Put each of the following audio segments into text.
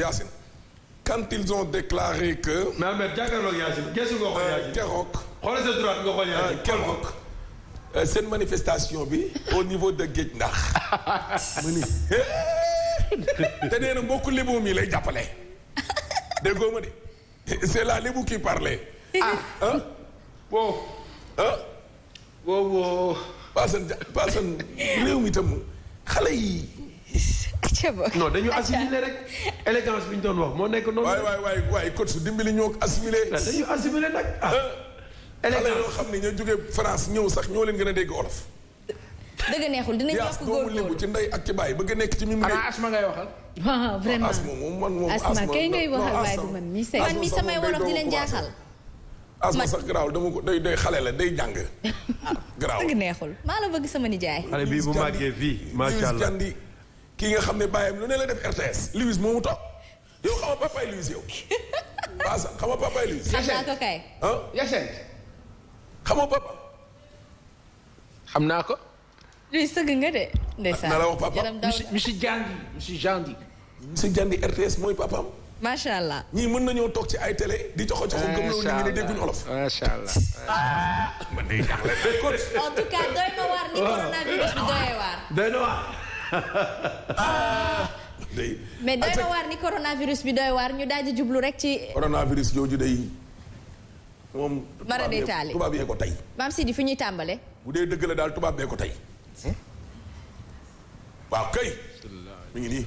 Yacine. quand ils ont déclaré que. mais Ahmed jàkkaarloog Yacine gëstu nga xool euh, Yacine keroog. xoolal sa droite nga xool euh, Yacine keroog. Euh, seen manifestation bi au niveau de Géej ndax. mu ni te nee na mbokku libu mi lay jàppale. déggoo ma de c'est la libu qui parlait. ah ah. wow. ah. wow wow. Paasan Paasan réew mi itam xale yi. ca boog non dañu assimilé rek élégance bi ñu doon wax moo nekk noonu. waay waay waay waay coach dimbali ñoo ko assimilé. Ah, dañu assimilé nag ah. Euh, élégance yoo xam ne ñoo jógee France ñëw sax a dégg olof. ci ndey ak ci nekk ci mim réew. asma ngay waxal. waaw vraiment asma moom waaye du man mi say man mi samay wolof di leen jaaxal. asma sax garaaw dama ko day day xale la day jàng. Ah, garaaw dëgg neexul maa la bëgg sama nijaay. xale bii bu màggee fii macha allah kii nga xam ne bàyyam lu ne la def RTS Louis moomu toog yow xam a papaay Louis yow waaw xam nga papaay Louis. xam naa ko kay. ah xam nga papa. xam naa ko. Louis sëgg de. ndeysaan la wax papa monsieur Jandi monsieur Jandi. Jandi RTS mooy papaam. macha allah ñii mën nañoo toog ci ay télé di joxo joxo gëm la ñu ne dégguñu olof. macha allah ah. man de jaaxle. en tout cas doy na waar ni oh. coronavirus bi doyee waar. doy na waar. mais doy na waar ni coronavirus bi doy waar ñu daal di jublu rek ci. coronavirus jooju day. moom mara détaillé tubaab yee ko tey. maam Sidi fi ñuy tàmbale. bu dee dëgg la daal tubaab bee ko tey. Hmm? waaw kay. mi ngi nii.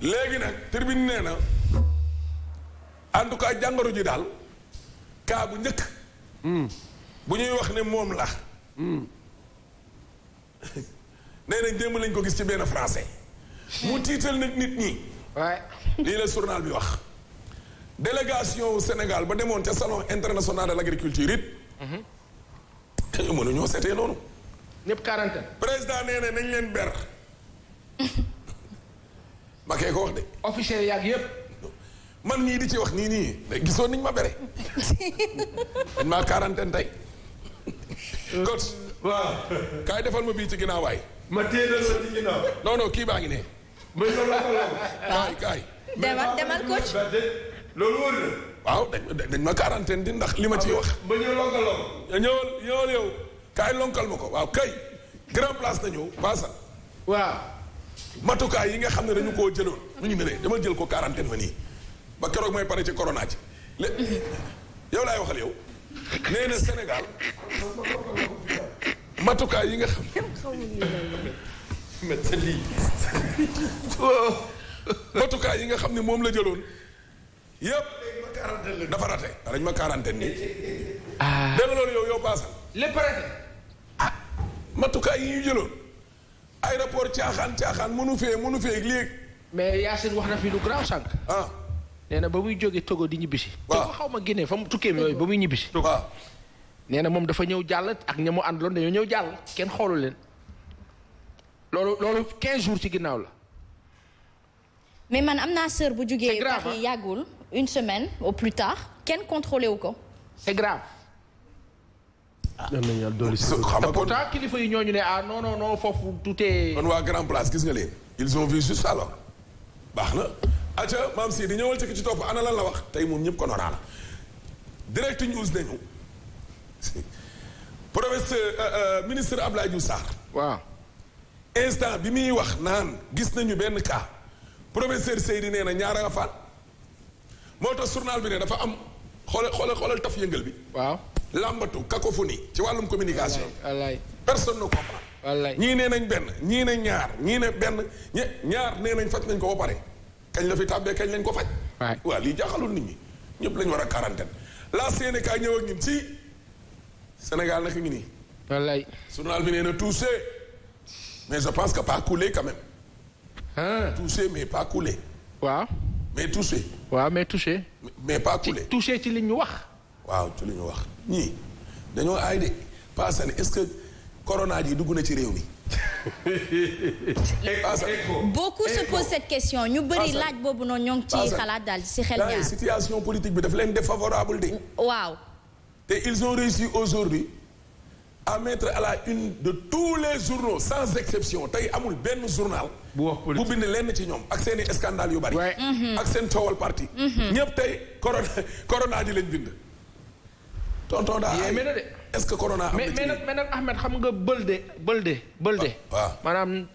léegi nag tribune nee na en tout cas jàngoro ji daal cas bu njëkk. Hmm. bu ñuy wax ne moom la. Hmm. nee nañ démb lañ ko gis ci benn français. mu tiital nag nit ñi. waay lii la journal bi wax. délégation Sénégal ba demoon ca salon international de l' agriculture it. Mm-hmm. mënuñoo seetee noonu. ñëpp quarantaine. président nee nañ leen ber. ma ko wax de. officiel yaag yëpp. man ñii di ci wax nii nii gisoon niñ ma bere. dañ maa quarantaine tey. Euh, coach waaw kaay defal ma bii ci ginnaaw ma téeral la ci ginnaaw. ngi ne. ma ñëw la ko kaay kaay. demal demal coach. loolu da na. waaw dañ ma quarantaine di ndax li ma ciy wax. ma ñëw lonkaloo ko. ñëwal ñëwal yow. kaay lonkal ma ko waaw kay. grand place na ñëw baasa. waaw. matukaay yi nga xam ne dañu koo jëloon. mu ñu ne dama jël ko quarantaine ma nii. ba keroog mooy pare ci corona ci. yow laay waxal yow. nee Sénégal. matukaay yi nga xam. matukaay yi nga xam ne moom la jëloon yëpp dafa rate dañ ma quarantaine nii ah. dégg nga loolu yow yow baasal lépp rate ah matukaay yi ñu jëloon aéroport caaxaan caaxaan mënu fee mënu fee léegi mais Yacine wax na fi lu grand sànq ah na ba muy jógee Togo di ñibbisi Togo xaw ma Guinée fa mu tukkee yooyu ba muy ñibbisi waaw nee na moom dafa ñëw jàll ak ñamu mu àndaloon dañoo ñëw jàll kenn xoolu leen loolu loolu 15 jours ci ginnaaw la. mais man am naa sœur bu jugee. Paris yàggul une semaine au plus tard kenn contrôlé wu ko. c'est grave. ah nan la ñu yàlla dolli si. xam nga pourtant kilifa yi ñooñu ne ah non non non foofu tout est. kon waa Grand Place gis nga leen. ils ont vu juste alors. baax na. atia maam si di ñëwal ci ki ci topp ana lan la wax tey moom ñëpp ko oraa la direct news nañu. professeur euh, euh, ministre Abdoulaye Diouf Sarr. waaw. instant bi muy wax naan gis nañu benn cas professeur Seydi nee na ñaara nga faat moo tax journal bi ne dafa am xoolal xoolal xoolal taf yëngal bi. waaw làmbatu cacophonie ci wàllum communication. wallaay personne ne comprend. wallaay ñii nee nañ benn ñii ne ñaar ñii ne benn ñaar nee nañ faj nañ ko ba pare kañ la fi tàmbee kañ lañ ko faj. waaw lii jaaxalul nit ñi ñëpp lañ war a quarantaine la CNK ñëw ak ñun ci. Sénégal naka ngi nii. wallaay. journal bi nee na touché mais je pense que pas coulé quand même. ah touché mais pas coulé. waaw. mais touché. waaw mais touché. mais pas coulé ci ci li ñu wax. waaw ci li ñu wax ñii dañoo aay de Paasan est-ce que corona ji dugg na ci réew mi. beaucoup se posent cette question ñu bëri laaj boobu noonu ñoo ngi ciy xalaat daal ci xel ñaar. situation politique bi daf leen défavorable de. waaw. te ils ont réussi aujourd'hui à mettre à la une de tous les journaux sans exception tey amul benn journal. bu wax politique bu bind lenn ci ñoom ak seen i scandale yu bari. Mm-hmm. ak seen coowal parti. Mm-hmm. ñëpp tey corona corona ji lañ bind. tonton daa ay est-ce que corona am na ci mais mais nag Ahmed xam nga bëlde bëlde bëlde. waaw maanaam.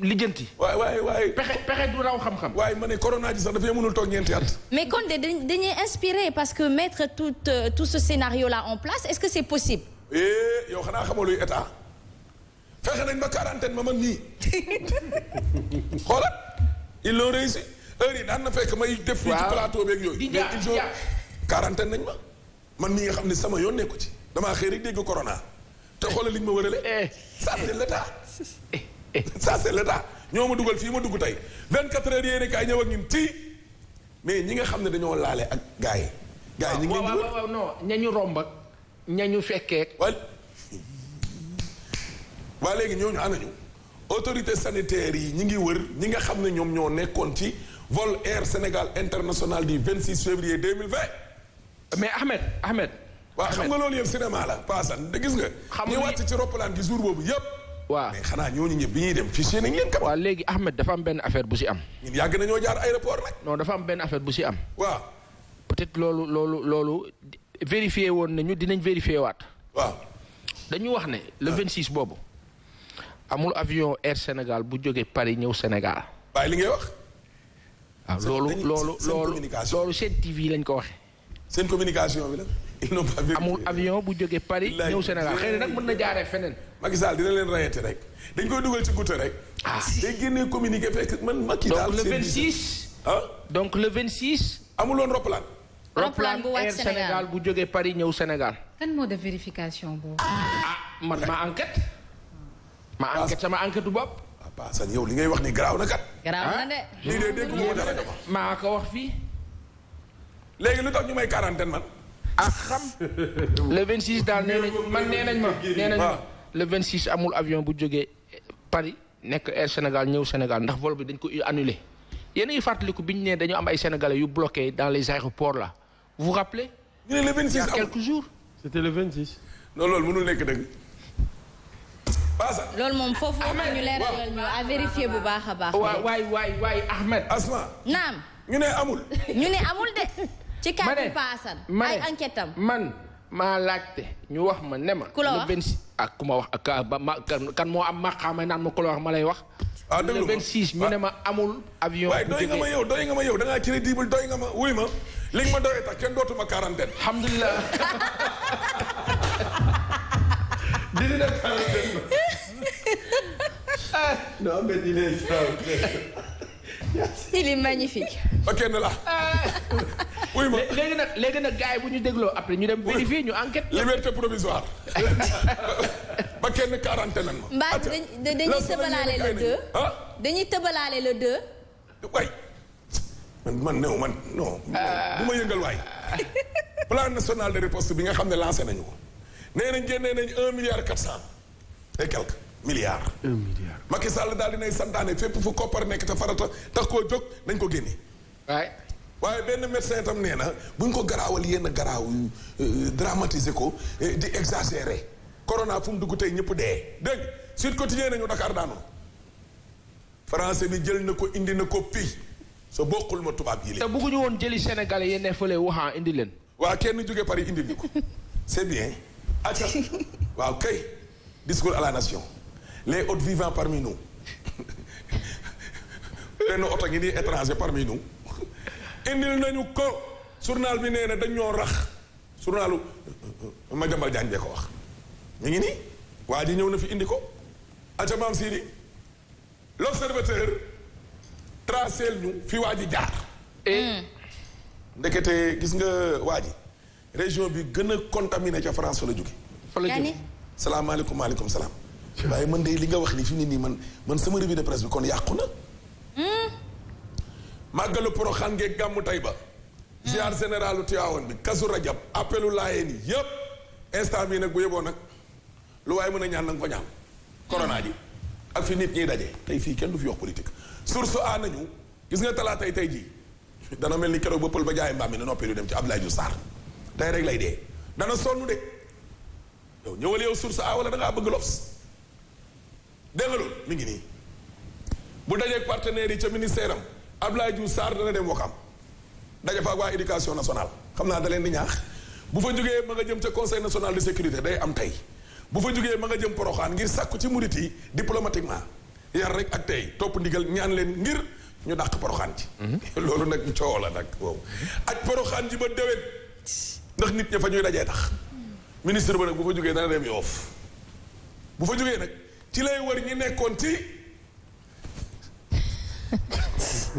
lijjanti. waay waay waay pexe pexe du raw xam-xam. waay ma ne corona ji sax dafay mënul toog ñeenti at. mais kon dañuy inspiré parce que mettre tout euh, tout ce scénario là en place est-ce que c'est possible. eh yow xanaa xamoo luy état fexe nañ ma quarantaine ma man nii xoolal ils l'ont réussi heure yi daan na fekk may def fii ci plateau beeg yooyu. quarantaine nañ ma man nii nga xam ne sama yoon nekku ci damaa xëy rek dégg corona te xoolal liñ ma wërale eh. ça c'est l'état eh. ça c'est l'état ñoo ma dugal fii ma dugg tey vingt 24 heures yéen kaay ñëw ak ñun ci mais ñi nga xam ne dañoo laale ak gars yi. gars yi ñu ngi ah, leen di. waaw ña ñu romb ak ña ñu fekkee. waa léegi ñooñu anañu autorité sanitaire yi ñi ngi wër ñi nga xam ne ñoom ñoo nekkoon ci vol Air Sénégal international du 26 février 2020. mais Ahmed Ahmed. waa xam nga loolu yëpp cinéma la paasan de gis nga. xam nga ñu wàcc ci roppalaan gi jour boobu yëpp. waaw xanaa ñooñu ñëpp bi ñuy dem fichier nañ leen léegi Ahmed dafa am benn affaire bu si am ñun yàgg nañoo jaar aéroport nag non dafa am benn affaire bu si am waaw peut-être loolu loolu loolu vérifié woon nañu dinañ vérifié waat waaw dañu wax ne le ah. vingt six boobu amul avion Air Sénégal bu jógee Paris ñëw Sénégal waaye li ngay wax waaw ah, loolu loolu loolu loolu seen TV lañ ko waxee seen communication bi la. ils amul avion bu jógee Paris ñëw Sénégal xëy na nag mën na jaaree feneen. Macky dina leen rayete rek dañ koy dugal ci goutte rek. ah day génnee communiqué fekk man Macky daal donc le 26. ah donc le 26. amuloon roplaan. roplaan bu wàcc Sénégal jógee Paris ñëw Sénégal. kan moo def vérification boobu. ah man ma enquête. ma ah. enquête sama enquête bopp. ah Assane yow li ngay wax ni garaaw na ah? maa ko wax fii. léegi lu tax ñu may quarantaine man. ah xam le 26 daal nee nañ man nee nañ ma nee nañ ma ah. le 26 amul avion bu jógee Paris nekk Air ñëw Sénégal ndax vol bi dañ ko annulé yéen a ngi fàttaliku bi ñu nee dañu am ay sénégalais yu bloqué dans les aéroports là vous vous le 26 il y a le 26. non loolu loolu moom foofu ñu bu baax a baax. waay waay waay Ahmed. Asma naam. ñu ne amul. ne amul de. ci cas bi paasan ay enquête am man maa laajte ñu wax ma ne ma. ku la wax ak ku ma wax ak kan moo am maqaama naan ma ku la wax ma lay wax. ah déglu ma le 26 ñu ne ah. ma amul. avion bu doy nga ma yow doy nga ma yow da ngaa crédible doy nga ma wuy ma li nga ma doyee tax kenn dootuma quarantaine. alhamdulilah. dina def quarantaine ma. ah non mais dina dina. il est magnifique. ok Ndala. oui léegi nag léegi nag gars yi bu ñu dégloo après ñu dem. vérifier ñu enquête. liberté provisoire. ba kenn quarantaine nan ma. mbaa dañuy tëbalaale le deux. dañuy tëbalaale le deux. waay man man néew man non. Ah. bu ma yëngal waay. plan national de riposte bi nga xam ne lancé nañu ko. nee nañ génnee nañ un milliard quatre cent e quelques milliards. un milliard Macky Sall daal dinay santaane fépp fu koppar nekk te farata tax koo jóg nañ ko génne. waay. waaye benn médecin itam nee na buñ ko garaawal yenn garaaw yu euh, dramatiser ko euh, di exagérer corona fu mu dugg tey ñëpp dee dégg Sud Quotidien nañu Dakar daanu français bi jël na ko indi na ko fii sa bokkul ma tubaab yi leen. te bëgguñu woon jëli Sénégalais yi ne fële Wuhan indi leen. waa kenn jóge par indi ñu ko c'est bien. acca waaw kay discours à la nation les hôtes vivants parmi nous benn oto ngi nii étranger parmi nous. indil nañu ko journal bi nee na dañoo rax journalu euh, euh, Madiambal Diagne bee ko wax ñu ngi nii waa ji ñëw na fi indi ko aca maam siiri l'observateur traceel ñu fi waa ji jaar eh. mm. ndekete gis nga waa ji région bi gën a contaminé ca France fa la jóge fa la jóge salaam waaye man de li nga wax ni fi mu ne nii man man sama revue de presse bi kon yàqu na hmm? màggalu xam ngee gàmmu tey ba ziar généralu Tiwaawan bi kasu rajab appelu laayeen yi yépp instant bii nag bu yeboo nag lu waaye mën a ñaan nanga ko ñaan corona ji ak fi nit ñiy daje tey fii kenn du fi wax politique source a nañu gis nga talaata tey tey jii dana mel ni keroog ba ba jaaye mbaam mi ne noppi du dem ci Abdoulaye Diouf saar tey rek lay dee dana sonn de yow ñëwal yow source a wala da ngaa bëgg lobs dégg nga mi ngi nii bu dajeeg partenaires yi ca ministère am ab Abdoulaye Diouf Sarr dana dem Wakaam daje fa ak waa éducation national xam naa da leen di ñaax bu fa jógee ma nga jëm ca conseil national de sécurité day am tey bu fa jógee ma nga jëm poroxaan ngir sàkku ci murit yi diplomatiquement yar rek ak tey topp ndigal ñaan leen ngir ñu dàq poroxaan ci mhm. loolu nag coow la nag boobu ak poroxaan ji ba déwén ndax nit ña fa ñuy dajee tax ministre ba nag bu fa jógee dana dem yoof bu fa jógee nag ci lay wër ñi nekkoon ci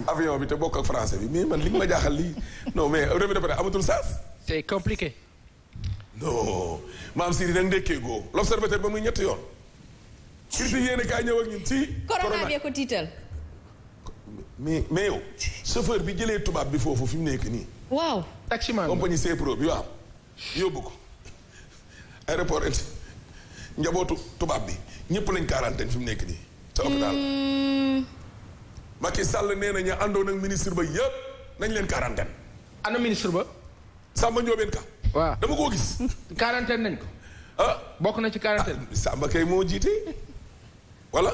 avion bi te bokk ak français bi mais man li ma jaaxal lii non mais revue de presse amatul sens. c'est compliqué. non maam Siri nag ndekkee goo l'observateur ba muy ñetti yoon. surtout yéen a kaay ñëw ak ñun ci. corona bee ko tiital. mais mais yow chauffeur bi jëlee tubaab bi foofu fi mu nekk nii. waaw. taximan compagnie Cpro bi waaw yóbbu ko aéroport it njabootu tubaab bi ñëpp lañ quarantaine fi mu nekk nii. Macky Sall nee na ñu àndoon ak ministre ba yëpp nañ leen quarantaine. ana ministre ba. Samba Ndiobène Ka. waaw dama koo gis. quarantaine nañ ko. Ah. bokk na ci quarantaine. Ah, Samba kay moo jiite voilà.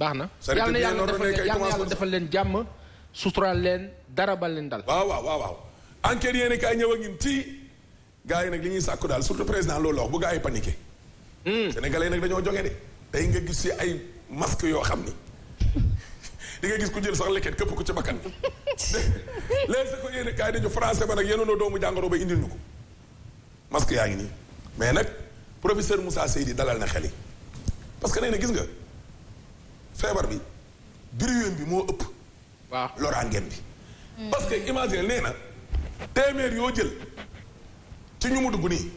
baax na yàlla na yàlla defal leen jàmm suturaal leen dara bal leen dal. waaw waaw waaw enquête yéen kay ñëw ak ñun ci gars yi nag li ñuy sàkku daal surtout président loolu wax bu gars yi paniqué. Hmm. sénégalais nag dañoo joge de. tey nga gis si ay masque yoo xam ni. di nga gis ko jël sax leket këpp ko ci bakkan léegi sa ko yéene kaay dañu français ba nag yéenoonoo doomu jàngoro ba indil ñu ko masque yaa ngi nii mais nag professeur Moussa Seydi dalal na xel yi parce que nee gis nga feebar bi duriwéen bi moo ëpp waaw loraangeem bi hmm. parce que imagine nee na téeméer yoo jël ci ñu mu dugg nii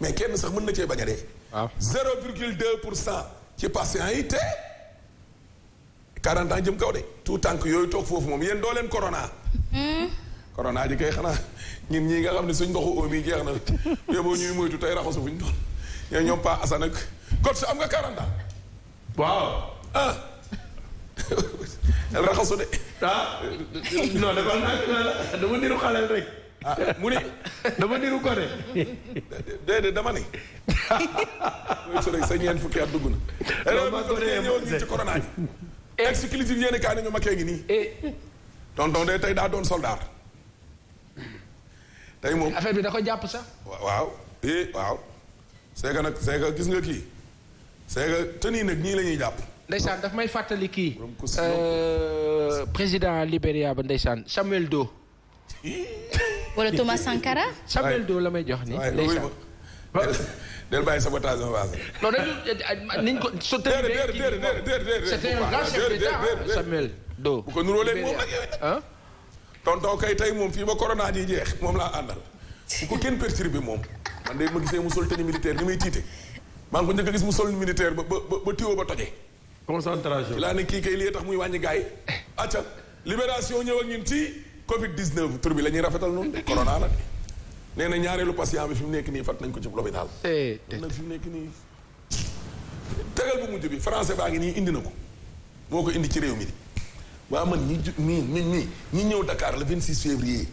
mais kenn sax mën na cee bañ a dee waaw zéro virgule pour cent ci patients yi te 40 ans jëm kaw de tout tànk yooyu toog foofu moom yéen doo leen corona. Hmm. corona ji kay xanaa ñun ñii nga xam ne suñ ndoxu oom yi jeex na yóbboo ñuy moytu tey raxasu buñ doon ñoom ñoom Pa Assane ak kot su am nga 40 ans. waaw ah. raxasu de. ah non dafa naan dama niru xaleel rek. ah mu ne dama niru ko de. déedéet dama ne. mooy su rek sa ñeent fukki at dugg na. loolu maa ngi ko ñëwoon ci corona ji. Eh. exclusive yéen kaay nañu makkee ngi nii. Eh. tonton de tey daa doon soldat. tey moom affaire bi da ko jàpp sax. waaw eh waaw. c'est nag c'est gis nga kii c'est que nii nag ñii la jàpp. ndeysaan dafa may fàttali kii. Euh, président Libéria ba ndeysaan Samuel Doe. wala Thomas Sankara. Samuel Doe la may jox nii ndeysaan. del bàyyi sabotage en face. non dañu eh, niñ ko sottali. déedéet déedéet déedéet c'était un grand Do. bu ko nuroo léegi moom nag yow eh, it. tonton kay tey moom fii ba corona ji jeex moom laa àndal. bu ko kenn bi moom. man de ma gisee mu sol tenue militaire ni muy tiite. maa ko njëkk a gis mu sol militaire ba ba ba tiwo ba toje. concentration. laa ne kii kay lii tax muy wàññi gars yi. acca libération ñëw ak ñun ci Covid 19 tur bi la ñuy rafetal noonu de corona la. nee na ñaareelu patient bi fi mu nekk nii fat nañ ko ci l'hôpital. Eh, tey nag fi mu nekk nii. tegal bu mujj bi français baa ngi nii indi na ko moo ko indi ci réew mi di waa man ñi ju nii nii nii ñi ñëw Dakar le 26 février.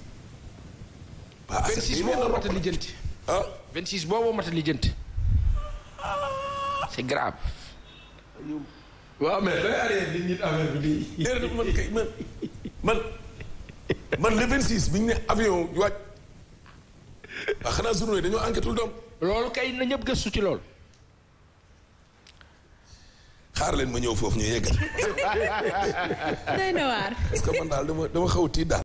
waa asset bi boo mat a lijjanti. ah 26 a er, man man man man le bi ñu ne avion wàcc. waaw ah, xanaa journaux yi dañoo enquêtul doom loolu kay na ñëpp gëstu ci loolu. xaar leen ma ñëw foofu ñu yeggal. doy na waar. parce que man daal dama dama xaw a tiit daal.